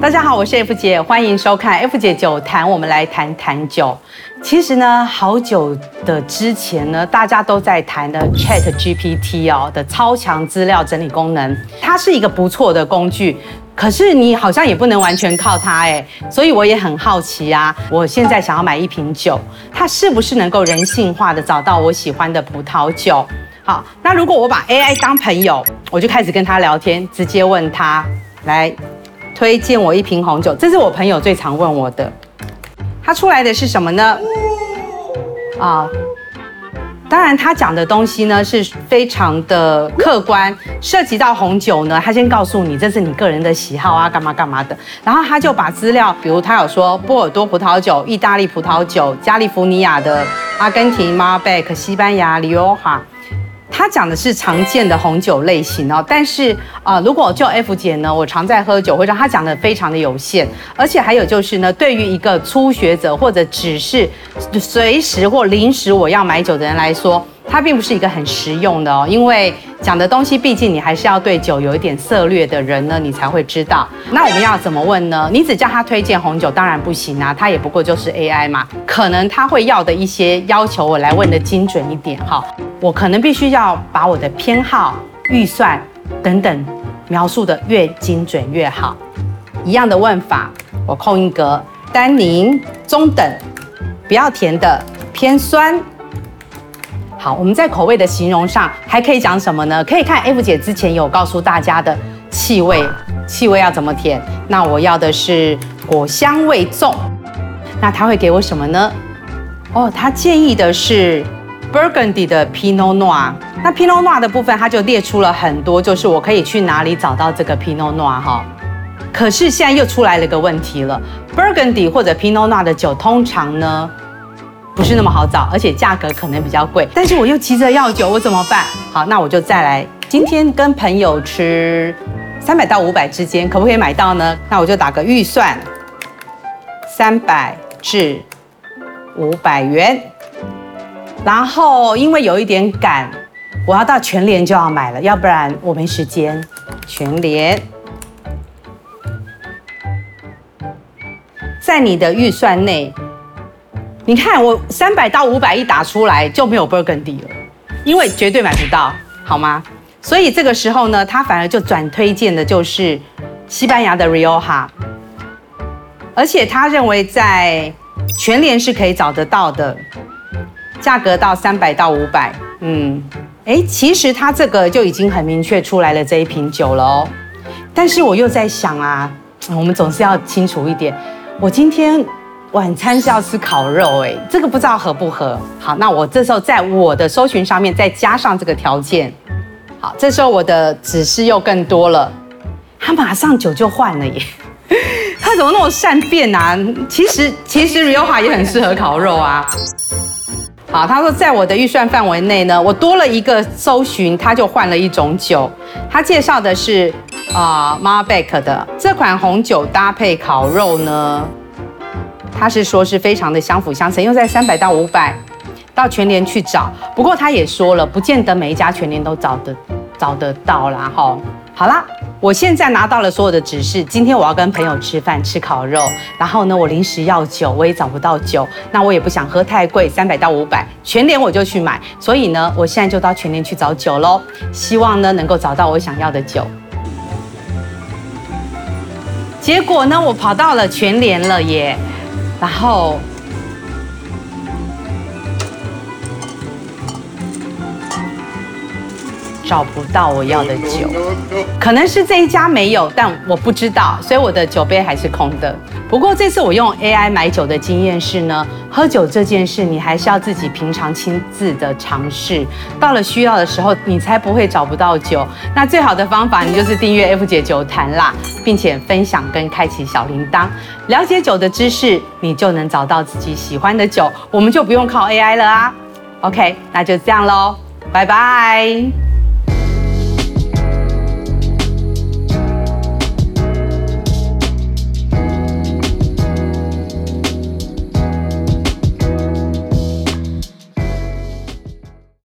大家好，我是 F 姐，歡迎收看 F 姐酒談。我們來談談酒。其實呢，好久的之前呢，大家都在談的 ChatGPT 哦的超強資料整理功能，它是一個不錯的工具。可是你好像也不能完全靠它哎，所以我也很好奇啊。我現在想要買一瓶酒，它是不是能夠人性化的找到我喜歡的葡萄酒？好，那如果我把 AI 當朋友，我就開始跟他聊天，直接問他來推薦我一瓶紅酒。這是我朋友最常問我的。他出來的是什麼呢？啊，當然他講的東西呢是非常的客觀。涉及到紅酒呢，他先告訴你這是你個人的喜好啊，幹嘛幹嘛的。然後他就把資料，比如他有說波爾多葡萄酒、意大利葡萄酒、加利福尼亞的、阿根廷 Malbec、西班牙 Rioja。他講的是常見的紅酒類型哦，但是啊、呃，如果就 F 姐呢，我常在喝酒，會讓他講的非常的有限，而且還有就是呢，對於一個初學者或者只是隨時或臨時我要買酒的人來說，它並不是一個很實用的哦，因為講的東西畢竟你還是要對酒有一點涉獵的人呢，你才會知道。那我們要怎麼問呢？你只叫他推薦紅酒，當然不行啊，他也不過就是 AI 嘛，可能他會要的一些要求我來問的精準一點哈。我可能必須要把我的偏好、預算等等描述得越精準越好。一樣的問法，我空一格，丹寧中等，不要甜的，偏酸。好，我們在口味的形容上還可以講什麼呢？可以看 F 姐之前有告訴大家的氣味，氣味要怎麼填？那我要的是果香味重，那他會給我什麼呢？哦，他建議的是。Burgundy 的 Pinot Noir，那 Pinot Noir 的部分，它就列出了很多，就是我可以去哪裡找到這個 Pinot Noir 哈。可是現在又出來了一個問題了，Burgundy 或者 Pinot Noir 的酒通常呢不是那麼好找，而且價格可能比較貴。但是我又急着要酒，我怎麼辦？好，那我就再來，今天跟朋友吃三百到五百之間，可不可以買到呢？那我就打個預算，三百至五百元。然後因為有一點趕，我要到全聯就要買了，要不然我沒時間。全聯在你的預算內，你看我三百到五百一打出來就沒有 Burgundy 了，因為絕對買不到，好嗎？所以這個時候呢，他反而就轉推薦的就是西班牙的 Rioja，而且他認為在全聯是可以找得到的。價格到三百到五百，嗯，哎，其實它這個就已經很明確出來了這一瓶酒了哦。但是我又在想啊，我們總是要清楚一點。我今天晚餐是要吃烤肉，哎，這個不知道合不合。好，那我這時候在我的搜尋上面再加上這個條件，好，這時候我的指示又更多了。他馬上酒就換了耶，他怎麼那麼善變啊？其實其實 Rioja 也很適合烤肉啊。好、啊，他說在我的預算範圍內呢，我多了一個搜尋，他就換了一種酒。他介紹的是啊馬爾貝克的這款紅酒搭配烤肉呢，他是說是非常的相輔相成。又在三百到五百到全聯去找，不過他也說了，不見得每一家全聯都找得找得到啦，哈、哦。好啦。我現在拿到了所有的指示。今天我要跟朋友吃飯，吃烤肉。然後呢，我臨時要酒，我也找不到酒。那我也不想喝太貴，三百到五百，全聯我就去買。所以呢，我現在就到全聯去找酒嘍。希望呢能夠找到我想要的酒。結果呢，我跑到了全聯了耶。然後。找不到我要的酒，可能是這一家沒有，但我不知道，所以我的酒杯還是空的。不過這次我用 AI 買酒的經驗是呢，喝酒這件事你還是要自己平常親自的嘗試，到了需要的時候你才不會找不到酒。那最好的方法你就是訂閱 F 姐酒罈啦，並且分享跟開啟小鈴鐺，了解酒的知識，你就能找到自己喜歡的酒，我們就不用靠 AI 了啊。OK，那就這樣嘍，拜拜。